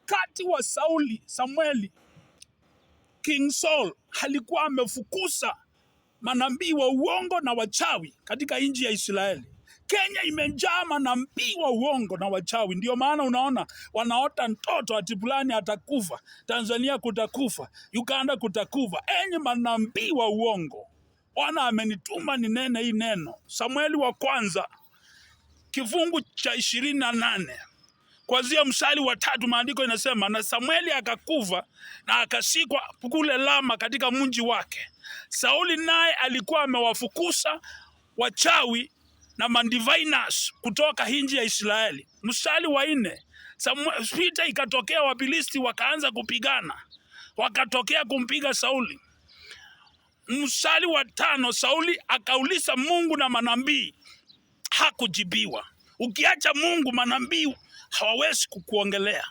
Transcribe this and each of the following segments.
wakati wa Sauli Samueli, King Saul alikuwa amefukusa manabii wa uongo na wachawi katika nchi ya Israeli. Kenya imejaa manabii wa uongo na wachawi. Ndio maana unaona wanaota mtoto ati fulani atakufa, Tanzania kutakufa, Uganda kutakufa. Enyi manabii wa uongo, Bwana amenituma ni nene hii neno. Samueli wa kwanza kifungu cha ishirini na nane. Kuanzia mstari wa tatu maandiko inasema, na Samueli akakufa na akashikwa kule Lama katika mji wake. Sauli naye alikuwa amewafukusa wachawi na mandivinas kutoka hinji ya Israeli. Mstari wa nne vita ikatokea, Wafilisti wakaanza kupigana, wakatokea kumpiga Sauli. Mstari wa tano Sauli akauliza Mungu na manabii, hakujibiwa. Ukiacha Mungu, manabii hawawezi kukuongelea.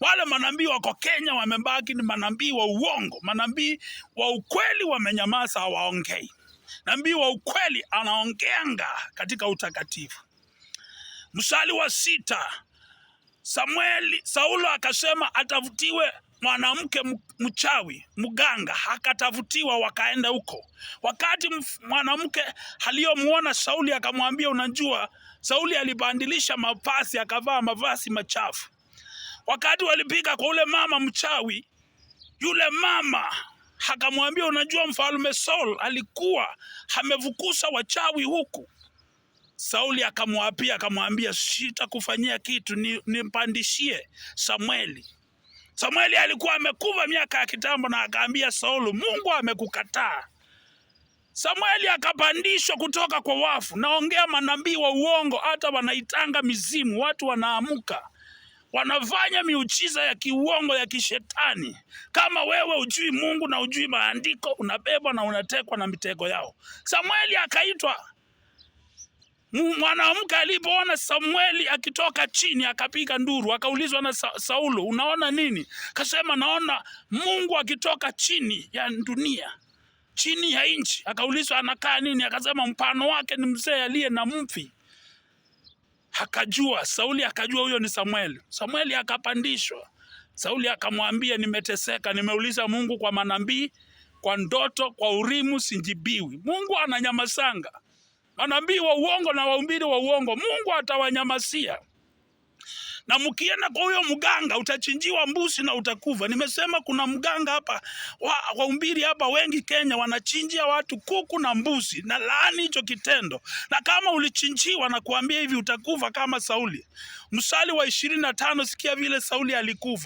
Wale manabii wako Kenya wamebaki ni manabii wa uongo. Manabii wa ukweli wamenyamaza, hawaongei. Nabii wa ukweli anaongeanga katika utakatifu. msali wa sita, Samueli Saulo akasema atafutiwe mwanamke mchawi mganga akatafutiwa, wakaenda huko. Wakati mwanamke aliyomwona Sauli akamwambia, unajua, Sauli alibandilisha mavazi akavaa mavazi machafu. Wakati walipiga kwa ule mama mchawi, yule mama akamwambia, unajua, mfalme Saul alikuwa amevukusa wachawi huku. Sauli akamwapia akamwambia, sitakufanyia kitu, nimpandishie Samueli. Samueli alikuwa amekuva miaka ya kitambo, na akaambia Saulu, Mungu amekukataa. Samueli akapandishwa kutoka kwa wafu. Naongea manabii wa uongo, hata wanaitanga mizimu, watu wanaamuka wanafanya miujiza ya kiuongo ya kishetani. Kama wewe ujui Mungu na ujui maandiko, unabebwa na unatekwa na mitego yao. Samueli akaitwa mwanamke alipoona Samueli akitoka chini akapiga nduru, akaulizwa na sa Saulo, unaona nini? Kasema naona Mungu akitoka chini ya dunia, chini ya nchi. Akaulizwa anakaa nini? Akasema mpano wake ni mzee aliye na mvi. Akajua Sauli akajua huyo ni Samueli. Samueli akapandishwa. Sauli akamwambia, nimeteseka, nimeuliza Mungu kwa manabii, kwa ndoto, kwa urimu, sijibiwi. Mungu ananyamasanga manabii wa uongo na waumbiri wa uongo, Mungu atawanyamasia. Na mkienda kwa huyo mganga utachinjiwa mbuzi na utakufa. Nimesema kuna mganga hapa wa wahubiri hapa wengi Kenya wanachinjia watu kuku na mbuzi, na laani hicho kitendo. Na kama ulichinjiwa na kuambia hivi, utakufa kama Sauli. Msali wa ishirini na tano sikia vile Sauli alikufa.